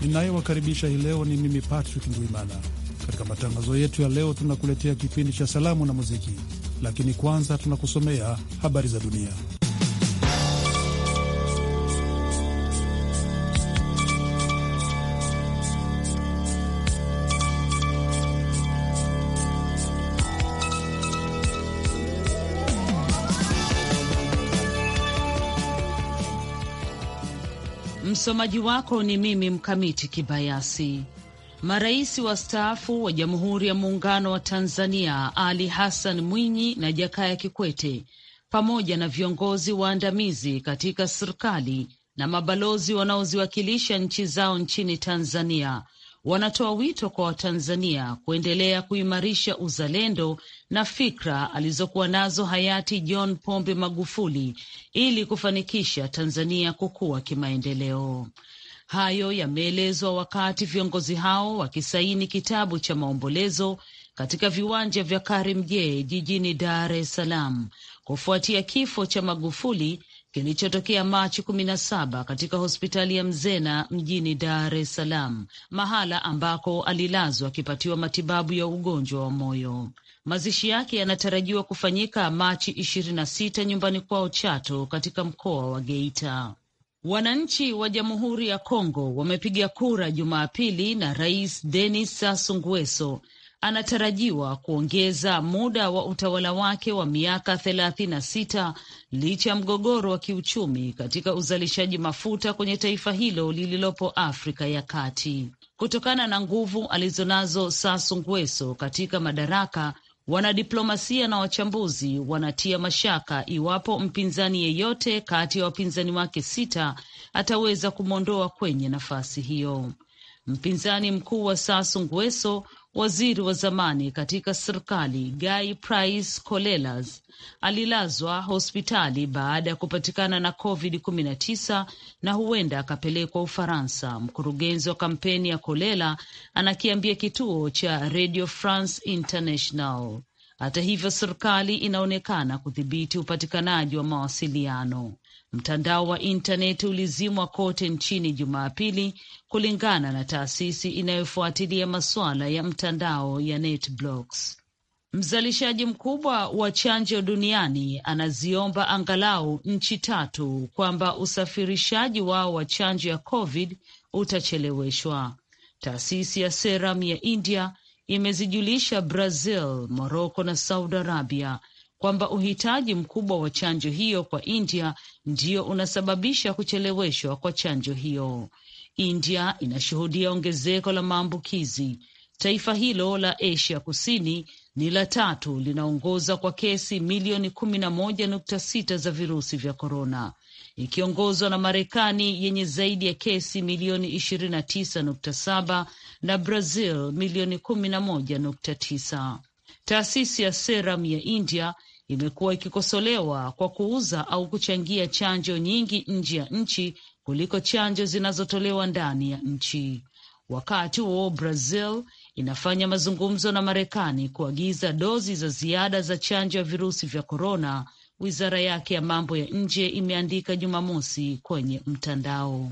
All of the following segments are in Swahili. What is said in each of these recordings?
Ninayewakaribisha hii leo ni mimi Patrick Ndwimana. Katika matangazo yetu ya leo, tunakuletea kipindi cha salamu na muziki, lakini kwanza tunakusomea habari za dunia. Msomaji wako ni mimi Mkamiti Kibayasi. Marais wastaafu wa Jamhuri ya Muungano wa Tanzania Ali Hassan Mwinyi na Jakaya Kikwete pamoja na viongozi waandamizi katika serikali na mabalozi wanaoziwakilisha nchi zao nchini Tanzania wanatoa wito kwa Watanzania kuendelea kuimarisha uzalendo na fikra alizokuwa nazo hayati John Pombe Magufuli ili kufanikisha Tanzania kukua kimaendeleo. Hayo yameelezwa wakati viongozi hao wakisaini kitabu cha maombolezo katika viwanja vya Karimjee jijini Dar es Salaam kufuatia kifo cha Magufuli kilichotokea Machi kumi na saba katika hospitali ya Mzena mjini Dar es Salaam, mahala ambako alilazwa akipatiwa matibabu ya ugonjwa wa moyo. Mazishi yake yanatarajiwa kufanyika Machi 26 nyumbani kwao Chato katika mkoa wa Geita. Wananchi wa Jamhuri ya Kongo wamepiga kura Jumapili na Rais Denis Sassou Nguesso anatarajiwa kuongeza muda wa utawala wake wa miaka thelathini na sita licha ya mgogoro wa kiuchumi katika uzalishaji mafuta kwenye taifa hilo lililopo Afrika ya Kati. Kutokana na nguvu alizonazo Sassou Nguesso katika madaraka, Wanadiplomasia na wachambuzi wanatia mashaka iwapo mpinzani yeyote kati ya wapinzani wake sita ataweza kumwondoa kwenye nafasi hiyo. Mpinzani mkuu wa sasungweso Nguesso Waziri wa zamani katika serikali Guy Price Colelas alilazwa hospitali baada ya kupatikana na COVID-19 na huenda akapelekwa Ufaransa. Mkurugenzi wa kampeni ya Kolela anakiambia kituo cha Radio France International. Hata hivyo, serikali inaonekana kudhibiti upatikanaji wa mawasiliano. Mtandao wa intaneti ulizimwa kote nchini Jumapili, kulingana na taasisi inayofuatilia masuala ya mtandao ya NetBlocks. Mzalishaji mkubwa wa chanjo duniani anaziomba angalau nchi tatu kwamba usafirishaji wao wa chanjo ya COVID utacheleweshwa. Taasisi ya Serum ya India imezijulisha Brazil, Moroko na Saudi Arabia kwamba uhitaji mkubwa wa chanjo hiyo kwa India ndio unasababisha kucheleweshwa kwa chanjo hiyo. India inashuhudia ongezeko la maambukizi. Taifa hilo la Asia Kusini ni la tatu linaongoza kwa kesi milioni kumi na moja nukta sita za virusi vya korona ikiongozwa na Marekani yenye zaidi ya kesi milioni ishirini na tisa nukta saba na Brazil milioni kumi na moja nukta tisa. Taasisi ya Serum ya India imekuwa ikikosolewa kwa kuuza au kuchangia chanjo nyingi nje ya nchi kuliko chanjo zinazotolewa ndani ya nchi. Wakati huo Brazil inafanya mazungumzo na Marekani kuagiza dozi za ziada za chanjo ya virusi vya korona. Wizara yake ya mambo ya nje imeandika Jumamosi kwenye mtandao.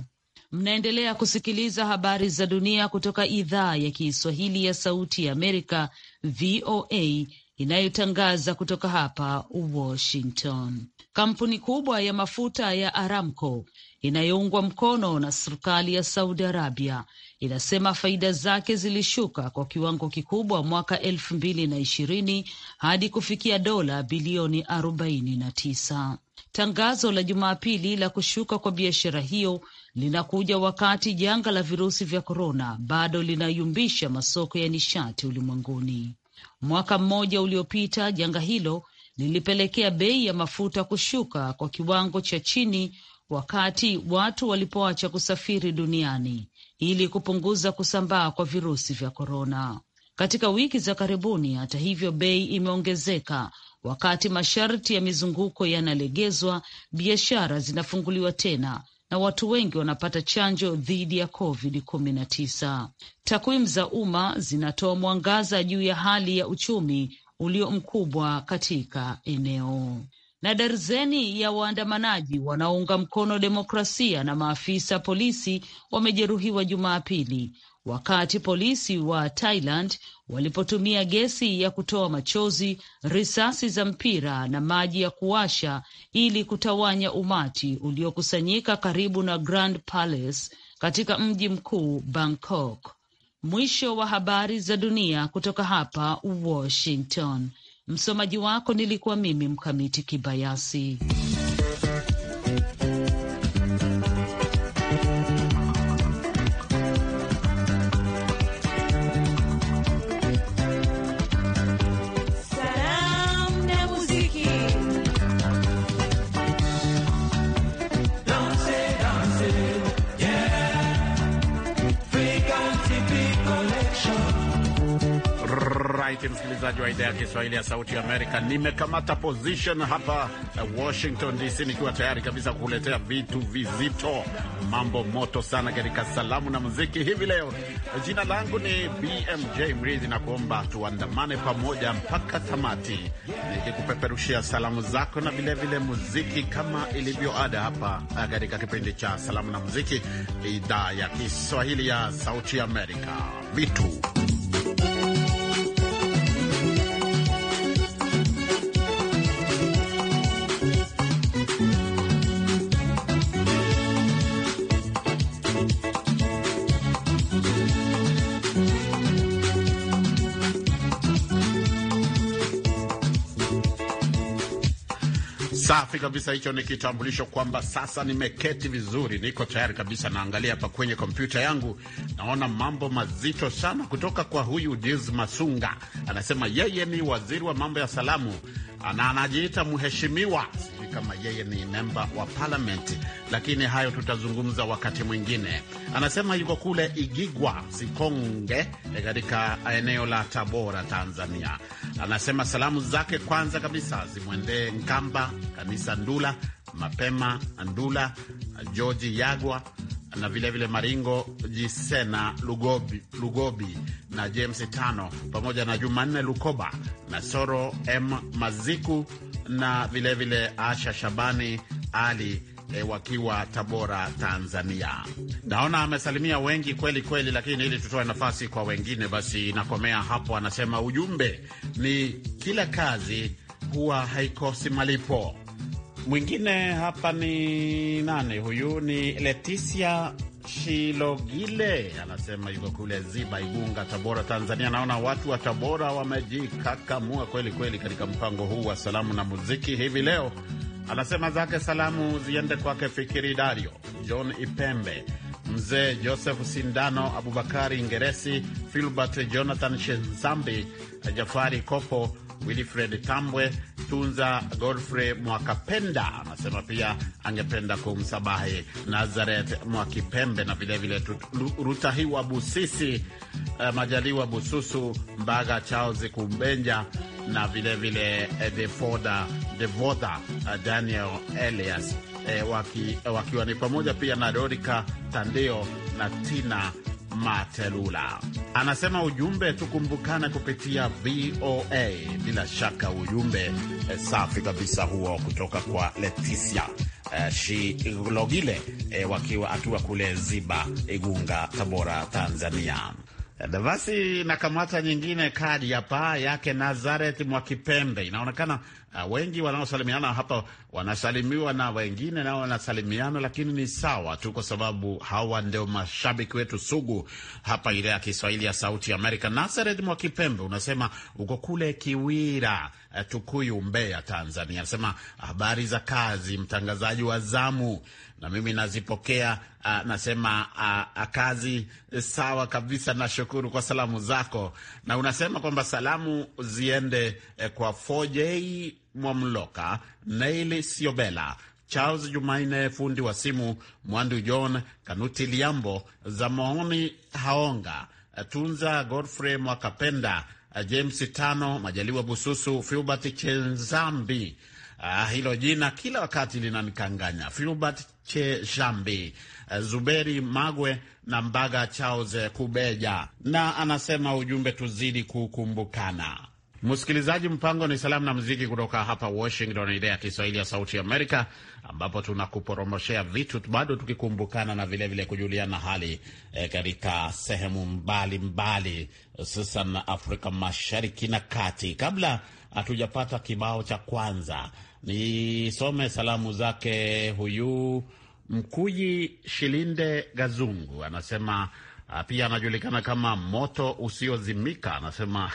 Mnaendelea kusikiliza habari za dunia kutoka idhaa ya Kiswahili ya Sauti ya Amerika, VOA, inayotangaza kutoka hapa Washington. Kampuni kubwa ya mafuta ya Aramco inayoungwa mkono na serikali ya Saudi Arabia inasema faida zake zilishuka kwa kiwango kikubwa mwaka elfu mbili na ishirini hadi kufikia dola bilioni arobaini na tisa. Tangazo la Jumapili la kushuka kwa biashara hiyo linakuja wakati janga la virusi vya korona bado linayumbisha masoko ya nishati ulimwenguni. Mwaka mmoja uliopita, janga hilo lilipelekea bei ya mafuta kushuka kwa kiwango cha chini wakati watu walipoacha kusafiri duniani ili kupunguza kusambaa kwa virusi vya korona. Katika wiki za karibuni, hata hivyo, bei imeongezeka wakati masharti ya mizunguko yanalegezwa, biashara zinafunguliwa tena na watu wengi wanapata chanjo dhidi ya COVID-19. Takwimu za umma zinatoa mwangaza juu ya hali ya uchumi ulio mkubwa katika eneo na darzeni ya waandamanaji wanaounga mkono demokrasia na maafisa polisi wamejeruhiwa Jumapili wakati polisi wa Thailand walipotumia gesi ya kutoa machozi, risasi za mpira na maji ya kuwasha ili kutawanya umati uliokusanyika karibu na Grand Palace katika mji mkuu Bangkok. Mwisho wa habari za dunia kutoka hapa Washington. Msomaji wako nilikuwa mimi Mkamiti Kibayasi. wakati msikilizaji wa idhaa ya Kiswahili ya Sauti ya Amerika. Nimekamata position hapa eh, Washington DC, nikiwa tayari kabisa kukuletea vitu vizito, mambo moto sana katika salamu na muziki hivi leo. Jina langu ni BMJ Mridhi na kuomba tuandamane pamoja mpaka tamati, nikikupeperushia salamu zako na vilevile muziki kama ilivyo ada hapa eh, katika kipindi cha salamu na muziki, idhaa ya Kiswahili ya Sauti ya Amerika. Vitu Safi kabisa, hicho ni kitambulisho kwamba sasa nimeketi vizuri, niko tayari kabisa. Naangalia hapa kwenye kompyuta yangu, naona mambo mazito sana kutoka kwa huyu Diz Masunga. Anasema yeye ni waziri wa mambo ya salamu na anajiita mheshimiwa, sijui kama yeye ni memba wa parliament, lakini hayo tutazungumza wakati mwingine. Anasema yuko kule Igigwa Sikonge, katika eneo la Tabora, Tanzania. Anasema salamu zake kwanza kabisa zimwendee Nkamba Kanisa Ndula, Mapema Ndula, georgi Yagwa na vilevile vile Maringo Jisena Lugobi, Lugobi na James Tano pamoja na Jumanne Lukoba na Soro M Maziku na vilevile vile Asha Shabani Ali e, wakiwa Tabora, Tanzania. Naona amesalimia wengi kweli kweli, lakini ili tutoe nafasi kwa wengine, basi inakomea hapo. Anasema ujumbe ni kila kazi huwa haikosi malipo Mwingine hapa ni nani huyu? Ni Leticia Shilogile anasema yuko kule Ziba, Igunga, Tabora, Tanzania. Naona watu wa Tabora wamejikakamua kweli kweli katika mpango huu wa salamu na muziki hivi leo. Anasema zake salamu ziende kwake Fikiri Dario, John Ipembe, mzee Joseph Sindano, Abubakari Ingeresi, Filbert Jonathan Shenzambi, Jafari Kopo Wilfred Tambwe Tunza Godfrey Mwakapenda anasema pia angependa kumsabahi Nazareth Mwakipembe na vilevile Rutahiwa Busisi eh, Majaliwa Bususu Mbaga Charles Kumbenja na vilevile Devoda Devoda Daniel Elias eh, waki, wakiwa ni pamoja pia na Dorika Tandeo na Tina Matelula anasema ujumbe, tukumbukane kupitia VOA. Bila shaka ujumbe eh, safi kabisa huo kutoka kwa Leticia eh, Shilogile eh, wakiwa hatua kule Ziba, Igunga, Tabora, Tanzania. Eh, basi nakamata nyingine kadi hapa yake Nazareth Mwakipembe. Inaonekana uh, wengi wanaosalimiana hapa wanasalimiwa na wengine nao wanasalimiana, lakini ni sawa tu, kwa sababu hawa ndio mashabiki wetu sugu hapa ile ya Kiswahili ya Sauti ya Amerika. Nazareth Mwakipembe unasema uko kule Kiwira, uh, Tukuyu, Mbeya, Tanzania. Anasema habari za kazi, mtangazaji wa zamu na mimi nazipokea. Uh, nasema uh, kazi eh, sawa kabisa. Nashukuru kwa salamu zako, na unasema kwamba salamu ziende eh, kwa Fojei Mwamloka, Neili Siobela, Charles Jumaine, fundi wa simu, Mwandu John, Kanuti Liambo, Zamaoni Haonga, eh, Tunza Godfrey Mwakapenda, eh, James Tano, Majaliwa Bususu, Filbert Chenzambi. Ah, hilo jina kila wakati linanikanganya Filbert Chejambi, eh, Zuberi Magwe na Mbaga Charles Kubeja, na anasema ujumbe, tuzidi kukumbukana. Msikilizaji, mpango ni salamu na muziki kutoka hapa Washington, idhaa ya Kiswahili ya Sauti Amerika, ambapo tunakuporomoshea vitu bado tukikumbukana na vilevile vile kujuliana hali e, katika sehemu mbalimbali hususan Afrika Mashariki na Kati. Kabla hatujapata kibao cha kwanza Nisome salamu zake huyu Mkuyi Shilinde Gazungu, anasema ah, pia anajulikana kama moto usiozimika. Anasema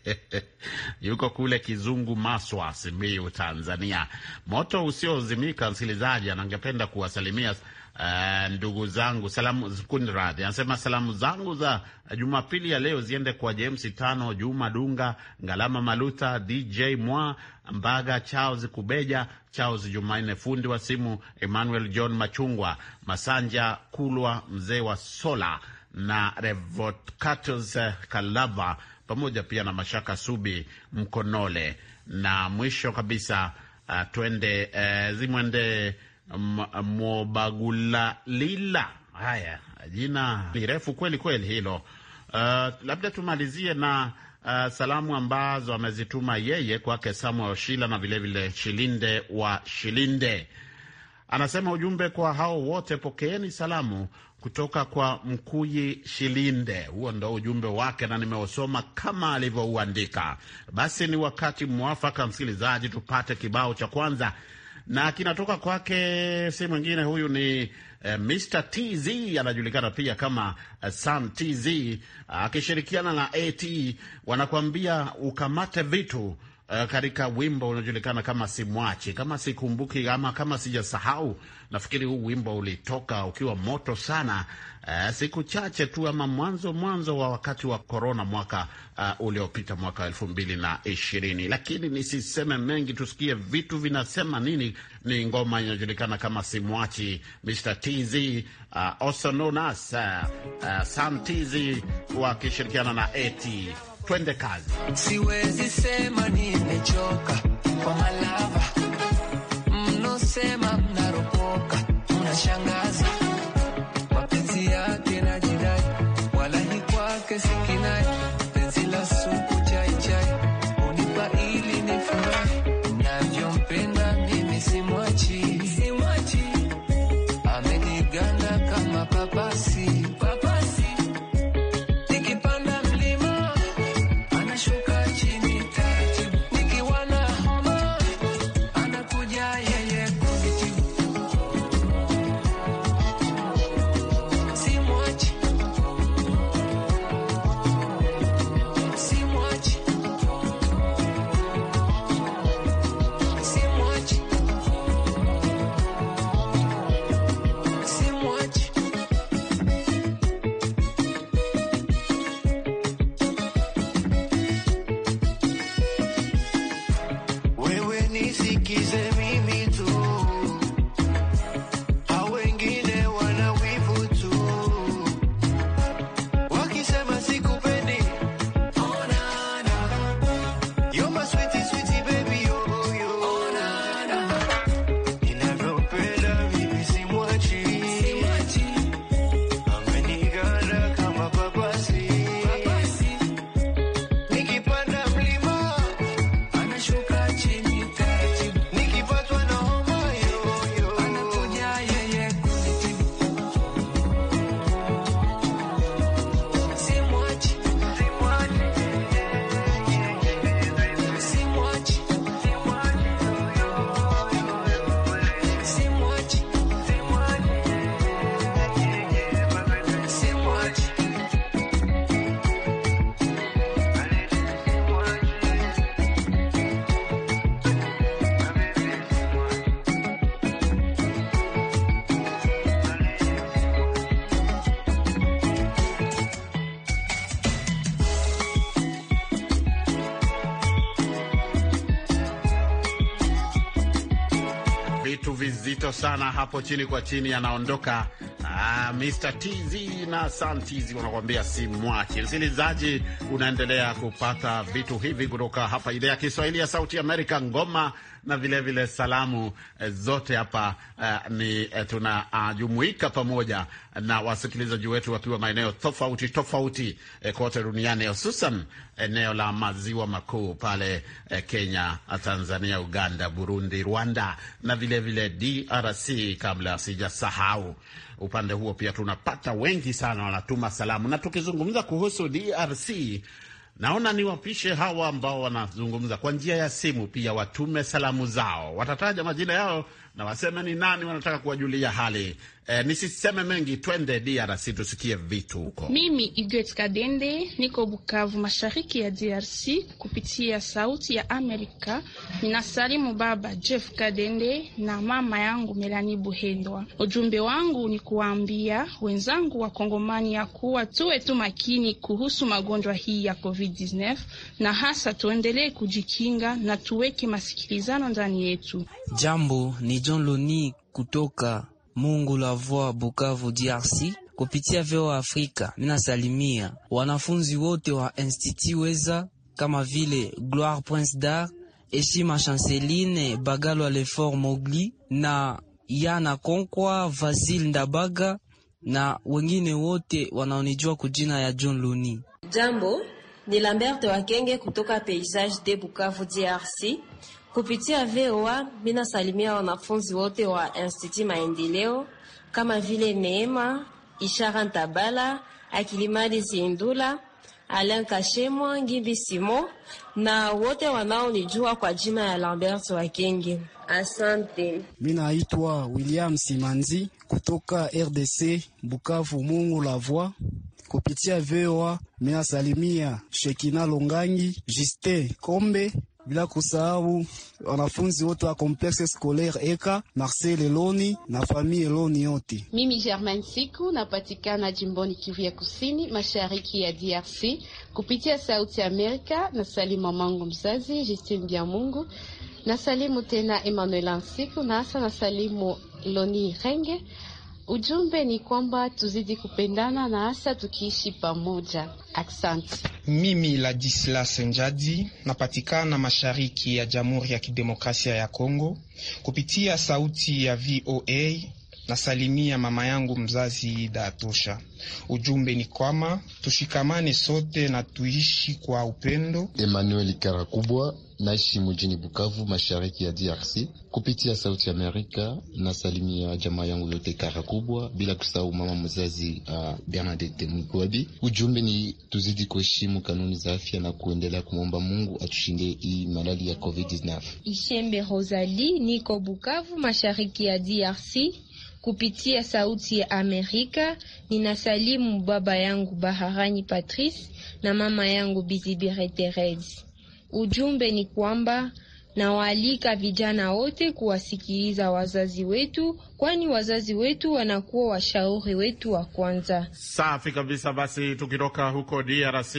yuko kule Kizungu, Maswa, Simiyu, Tanzania. Moto usiozimika, msikilizaji, anangependa kuwasalimia Uh, ndugu zangu salamu kunradhi, anasema salamu zangu za Jumapili ya leo ziende kwa James Tano, Juma Dunga, Ngalama Maluta, DJ Mwa Mbaga, Charles Kubeja, Charles Jumanne fundi wa simu, Emmanuel John Machungwa, Masanja Kulwa, mzee wa sola na Revocatus eh, Kalava, pamoja pia na Mashaka Subi Mkonole. Na mwisho kabisa uh, twende uh, zimwende Mobagulalila. Haya, jina ni kweli kweli hilo. Uh, labda tumalizie na uh, salamu ambazo amezituma yeye kwake Samuel Shila na vilevile vile Shilinde wa Shilinde. Anasema ujumbe kwa hao wote, pokeeni salamu kutoka kwa Mkuyi Shilinde. Huo ndo ujumbe wake na nimeosoma kama alivyouandika. Basi ni wakati mwafaka, msikilizaji, tupate kibao cha kwanza na kinatoka kwake si mwingine huyu ni eh, Mr TZ anajulikana pia kama eh, Sam TZ akishirikiana na AT wanakuambia ukamate vitu eh, katika wimbo unaojulikana kama Simwachi, kama sikumbuki ama kama sijasahau Nafikiri huu wimbo ulitoka ukiwa moto sana uh, siku chache tu ama mwanzo mwanzo wa wakati wa korona mwaka uh, uliopita mwaka elfu mbili na ishirini. Lakini nisiseme mengi, tusikie vitu vinasema nini. Ni ngoma inayojulikana kama Simwachi, Mr TZ uh, eh, also known as uh, uh, Sam TZ wakishirikiana na AT. Twende kazi. Siwezi sema nimechoka kwa malava mnosema mazito sana hapo chini kwa chini yanaondoka. Ah, Mr TZ na Sam TZ wanakuambia mwachi. Msikilizaji, unaendelea kupata vitu hivi kutoka hapa idhaa ya Kiswahili ya Sauti Amerika, ngoma na vilevile vile salamu eh, zote hapa uh, ni uh, tunajumuika uh, pamoja na wasikilizaji wetu wakiwa maeneo tofauti tofauti uh, kote duniani hususan eneo la maziwa makuu pale uh, Kenya, Tanzania, Uganda, Burundi, Rwanda na vilevile vile DRC, kabla sijasahau upande huo pia tunapata wengi sana wanatuma salamu, na tukizungumza kuhusu DRC Naona niwapishe hawa ambao wanazungumza kwa njia ya simu, pia watume salamu zao, watataja majina yao na waseme ni nani wanataka kuwajulia hali. Eh, nisiseme mengi, twende DRC tusikie vitu huko. Mimi Iget Kadende niko Bukavu, mashariki ya DRC, kupitia Sauti ya Amerika. Ninasalimu baba Jeff Kadende na mama yangu Melani Buhendwa. Ujumbe wangu ni kuwaambia wenzangu wa Kongomani ya kuwa tuwe tu makini kuhusu magonjwa hii ya COVID-19 na hasa tuendelee kujikinga na tuweke masikilizano ndani yetu. Jambo, ni John Loni kutoka Mungu la Voi, Bukavu, DRC kupitia VOA Afrika. Ninasalimia wanafunzi wote wa Institut Weza kama vile Gloire Prince dart Eshima Chanceline Bagalwa, Lefort Mogli na Yana Konkwa, Vasil Ndabaga na wengine wote wanaonijua kujina ya John Loni. Jambo, ni Lambert Wakenge kutoka Paysage de Bukavu DRC. Kupitia VOA minasalimia wanafunzi wote wa Institut Maendeleo kama vile Neema Ishara Ntabala, Akilimali Zindula, Alan Kashemwa, Ngimbi Simo na wote wanaonijua kwa jina ya Lambert Wakenge. Asante. Mimi naitwa William Simanzi kutoka RDC Bukavu, Mungu la Voix. Kupitia VOA minasalimia Shekina Longangi, Justin Kombe bila kusahau wanafunzi wote wa Complexe Scolaire Eka, Marcel Eloni na famille Eloni yote. Mimi Germaine Siku napatikana jimboni Kivu ya Kusini, mashariki ya DRC kupitia Sauti Amerika na salimu mamangu mzazi Justin Biamungu na salimu tena Emmanuel Ansiku na hasa na salimu Loni Renge Ujumbe ni kwamba tuzidi kupendana na hasa tukiishi pamoja. Aksant. Mimi Ladislas Njadi napatikana mashariki ya Jamhuri ya Kidemokrasia ya Kongo kupitia sauti ya VOA. Nasalimia mama yangu mzazi Ida Atosha. Ujumbe ni kwama tushikamane sote na tuishi kwa upendo. Emmanuel Karakubwa naishi mjini Bukavu, mashariki ya DRC. Kupitia Sauti Amerika nasalimia jamaa yangu yote kara kubwa, bila kusahau mama mzazi uh, Bernadette Mgwabi. Ujumbe ni tuzidi kuheshimu kanuni za afya na kuendelea kumwomba Mungu atushinde hii malali ya COVID-19. Ishembe rosali niko Bukavu, mashariki ya DRC. Kupitia Sauti ya Amerika ninasalimu baba yangu Baharani Patrice na mama yangu Bizibire Ujumbe ni kwamba nawaalika vijana wote kuwasikiliza wazazi wetu, kwani wazazi wetu wanakuwa washauri wetu wa kwanza. Safi kabisa. Basi tukitoka huko DRC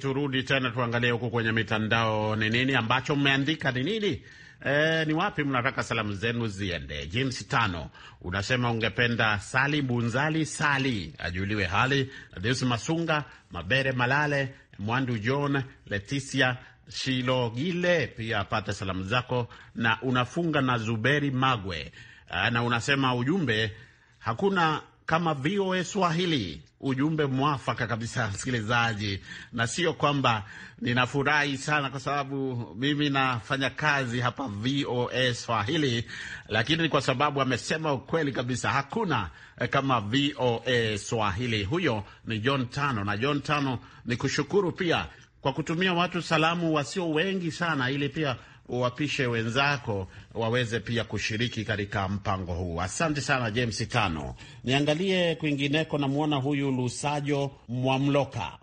turudi tena tuangalie huko kwenye mitandao, ni nini ambacho mmeandika, ni nini E, ni wapi mnataka salamu zenu ziende? James Tano unasema ungependa Sali Bunzali Sali ajuliwe hali, Deus Masunga Mabere Malale Mwandu John Leticia Shilogile pia apate salamu zako, na unafunga na Zuberi Magwe ah, na unasema ujumbe hakuna kama VOA Swahili. Ujumbe mwafaka kabisa, msikilizaji, na sio kwamba ninafurahi sana kwa sababu mimi nafanya kazi hapa VOA Swahili, lakini kwa sababu amesema ukweli kabisa, hakuna eh, kama VOA Swahili. Huyo ni John Tano, na John Tano ni kushukuru pia kwa kutumia watu salamu wasio wengi sana, ili pia uwapishe wenzako waweze pia kushiriki katika mpango huu. Asante sana James Tano. Niangalie kwingineko, namwona huyu Lusajo Mwamloka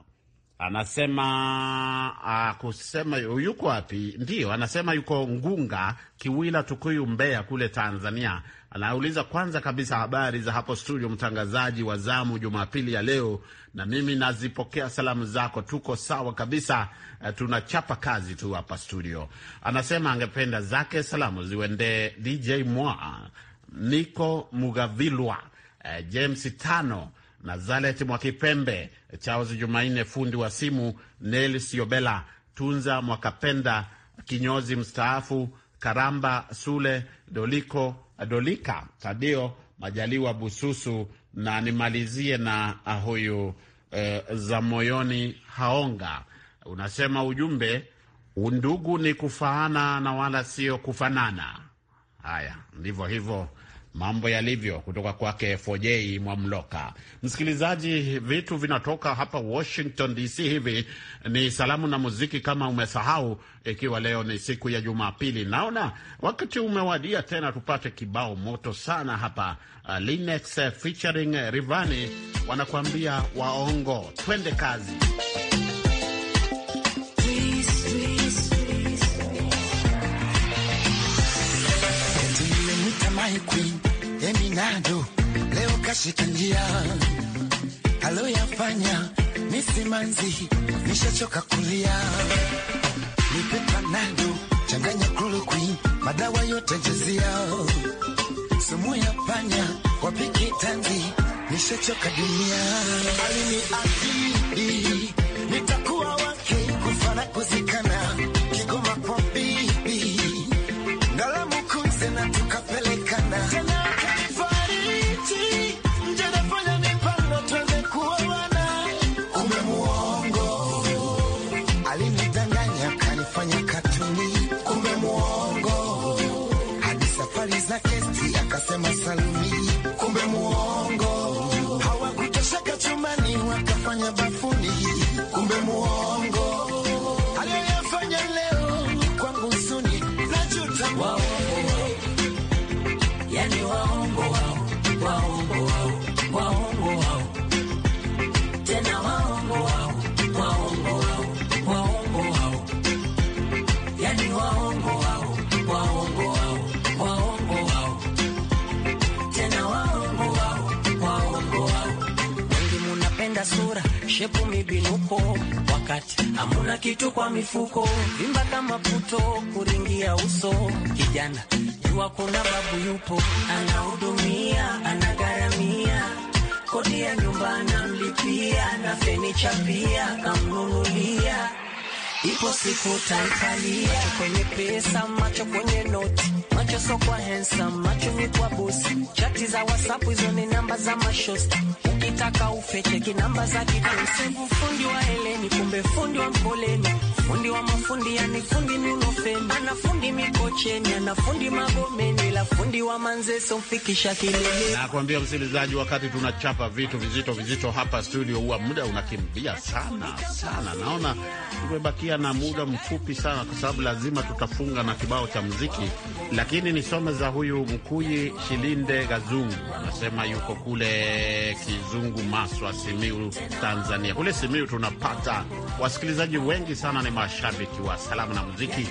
anasema uh, kusema yuko wapi? Ndio, anasema yuko Ngunga Kiwila, Tukuyu, Mbeya kule Tanzania. Anauliza kwanza kabisa habari za hapo studio, mtangazaji wa zamu Jumapili ya leo. Na mimi nazipokea salamu zako, tuko sawa kabisa. Uh, tunachapa kazi tu hapa studio. Anasema angependa zake salamu ziwendee DJ Mwa, Niko Mugavilwa, uh, eh, James Tano Nazaret Mwakipembe, Charles Jumanne fundi wa simu, Nel Siobela, Tunza Mwakapenda kinyozi mstaafu, Karamba Sule, Doliko Dolika, Tadio Majaliwa Bususu, na nimalizie na ah, huyu eh, za moyoni Haonga. Unasema ujumbe undugu ni kufaana na wala sio kufanana. Haya, ndivyo hivyo mambo yalivyo kutoka kwake Fojei Mwamloka. Msikilizaji, vitu vinatoka hapa Washington DC. Hivi ni salamu na muziki, kama umesahau, ikiwa leo ni siku ya Jumapili. Naona wakati umewadia tena tupate kibao moto sana hapa. Uh, Linex uh, featuring uh, Rivani wanakuambia waongo. Twende kazi. Please, please, please. Eminado leo kashikinjia aloyafanya simanzi nishachoka kulia nipepanado changanya kulukwi madawa yote jezia sumu ya panya wapiki tanzi nishachoka dunia aliniahidi nitakuwa shepu mibinuko, wakati hamuna kitu kwa mifuko, vimba kama puto kuringia uso, kijana jua kuna babu yupo, anahudumia anagharamia, kodi ya nyumba anamlipia na fenicha pia kamnunulia Ipo siku Macho kwenye pesa, macho kwenye noti, macho so kwa handsome, macho ni kwa bosi, chati za WhatsApp hizo ni namba za mashosti anataka ufeche kinamba za kitu, msevu fundi wa eleni, kumbe fundi wa mpoleni fundi wa mafundi, yani fundi Nulofemi, ana fundi Mikocheni, ana fundi Magomeni, la fundi wa Manzese umfikisha kilele. Nakwambia msikilizaji, wakati tunachapa vitu vizito vizito hapa studio, huwa muda unakimbia sana sana. Naona tumebakia na muda mfupi sana, kwa sababu lazima tutafunga na kibao cha muziki, lakini nisome za huyu Mkuyi Shilinde Gazungu, anasema yuko kule Kizungu, Maswa, Simiu, Tanzania. Kule Simiu tunapata wasikilizaji wengi sana ni mashabiki wa salamu na muziki,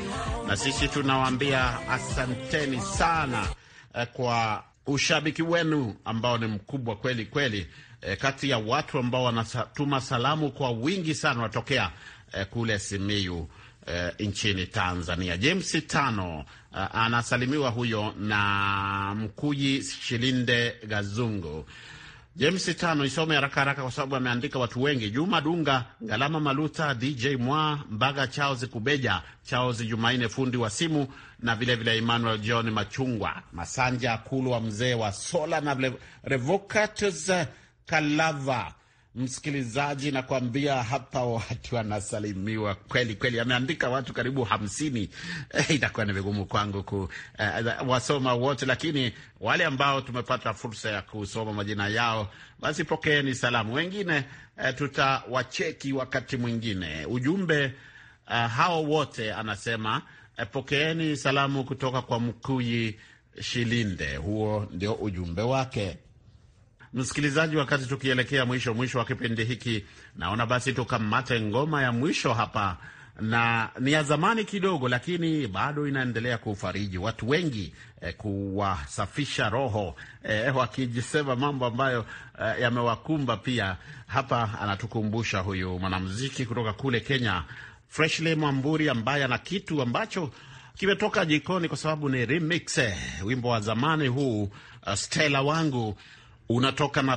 na sisi tunawaambia asanteni sana eh, kwa ushabiki wenu ambao ni mkubwa kweli kweli. E, kati ya watu ambao wanatuma salamu kwa wingi sana watokea e, eh, kule Simiyu e, nchini Tanzania. James Tano a, anasalimiwa huyo na Mkuji Shilinde Gazungu James tano isome haraka haraka kwa sababu ameandika watu wengi: Juma Dunga, Ngalama Maluta, DJ Mwa Mbaga, Charles Kubeja, Charles Jumaine fundi wa simu na vilevile vile Emmanuel John Machungwa, Masanja Kulu wa mzee wa sola na Revocatus Kalava msikilizaji, nakwambia hapa watu wanasalimiwa kweli kweli. Ameandika watu karibu hamsini. E, itakuwa ni vigumu kwangu ku eh, wasoma wote, lakini wale ambao tumepata fursa ya kusoma majina yao, basi pokeeni salamu. Wengine eh, tutawacheki wakati mwingine. Ujumbe eh, hao wote anasema eh, pokeeni salamu kutoka kwa Mkuyi Shilinde. Huo ndio ujumbe wake. Msikilizaji, wakati tukielekea mwisho mwisho wa kipindi hiki, naona basi tukamate ngoma ya mwisho hapa, na ni ya zamani kidogo, lakini bado inaendelea kufariji watu wengi eh, kuwasafisha roho eh, wakijisema mambo ambayo eh, yamewakumba. Pia hapa anatukumbusha huyu mwanamuziki kutoka kule Kenya, Freshley Mwamburi, ambaye ana kitu ambacho kimetoka jikoni kwa sababu ni remix, eh, wimbo wa zamani huu, uh, Stella wangu unatoka na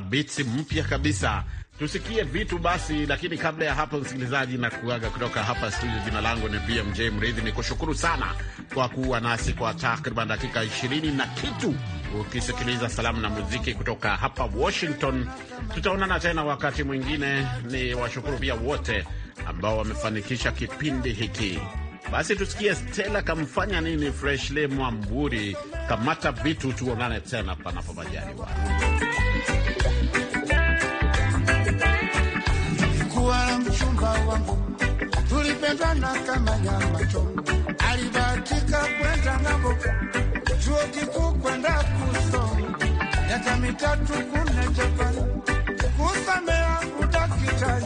mpya kabisa. Tusikie vitu basi, lakini kabla ya hapo, msikilizaji, na kuaga kutoka hapa studio, jina langu ni BMJ Mridhi, ni kushukuru sana kwa kuwa nasi kwa takriban dakika ishirini na kitu ukisikiliza salamu na muziki kutoka hapa Washington. Tutaonana tena wakati mwingine. Ni washukuru pia wote ambao wamefanikisha kipindi hiki. Basi tusikie stela kamfanya nini Freshle Mwamburi, kamata vitu, tuonane tena panapo majaliwa kuwa na mchumba wangu tulipendana kama nyama choma, alibahatika kwenda ngambo chuo kikuu kwenda kusoma miaka mitatu kune Japani kusomea udaktari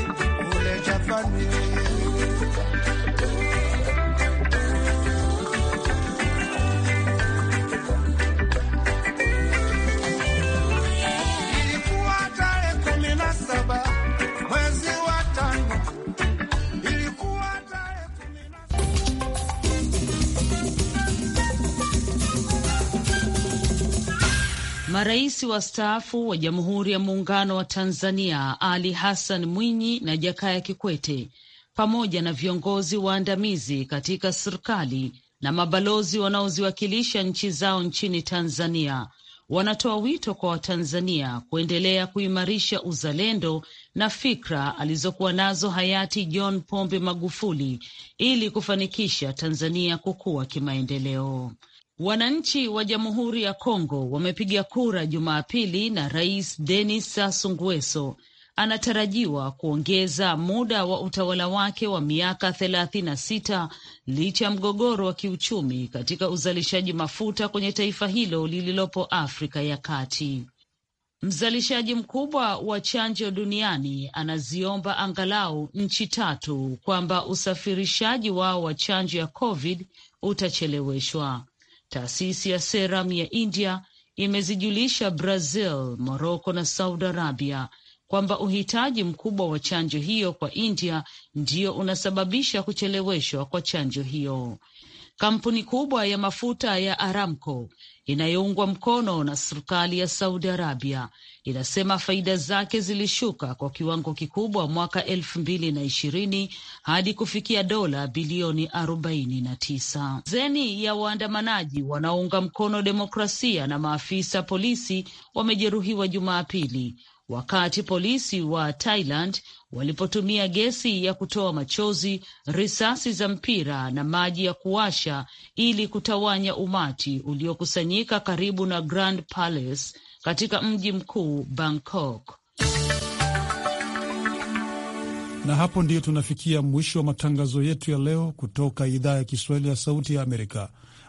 Marais wastaafu wa Jamhuri ya Muungano wa Tanzania Ali Hassan Mwinyi na Jakaya Kikwete pamoja na viongozi waandamizi katika serikali na mabalozi wanaoziwakilisha nchi zao nchini Tanzania wanatoa wito kwa Watanzania kuendelea kuimarisha uzalendo na fikra alizokuwa nazo hayati John Pombe Magufuli ili kufanikisha Tanzania kukua kimaendeleo. Wananchi wa Jamhuri ya Kongo wamepiga kura Jumapili na Rais Denis Sassou Nguesso anatarajiwa kuongeza muda wa utawala wake wa miaka thelathini na sita licha ya mgogoro wa kiuchumi katika uzalishaji mafuta kwenye taifa hilo lililopo Afrika ya Kati. Mzalishaji mkubwa wa chanjo duniani anaziomba angalau nchi tatu kwamba usafirishaji wao wa chanjo ya COVID utacheleweshwa. Taasisi ya Seram ya India imezijulisha Brazil, Moroko na Saudi Arabia kwamba uhitaji mkubwa wa chanjo hiyo kwa India ndiyo unasababisha kucheleweshwa kwa chanjo hiyo kampuni kubwa ya mafuta ya Aramco inayoungwa mkono na serikali ya Saudi Arabia inasema faida zake zilishuka kwa kiwango kikubwa mwaka elfu mbili na ishirini hadi kufikia dola bilioni arobaini na tisa. Zeni ya waandamanaji wanaounga mkono demokrasia na maafisa polisi wamejeruhiwa Jumapili wakati polisi wa Thailand walipotumia gesi ya kutoa machozi, risasi za mpira na maji ya kuwasha ili kutawanya umati uliokusanyika karibu na Grand Palace katika mji mkuu Bangkok. Na hapo ndiyo tunafikia mwisho wa matangazo yetu ya leo kutoka idhaa ya Kiswahili ya Sauti ya Amerika.